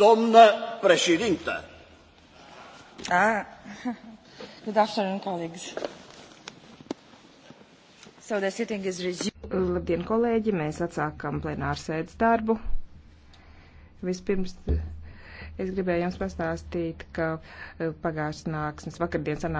Doamnă președintă! Ah. Good afternoon, colleagues. So the sitting is resumed. Labdien, kolēģi! Mēs atsākam plenārsēdes darbu. Vispirms es gribēju jums pastāstīt, ka eh, pagājušas nāksmes vakardienas sanāk.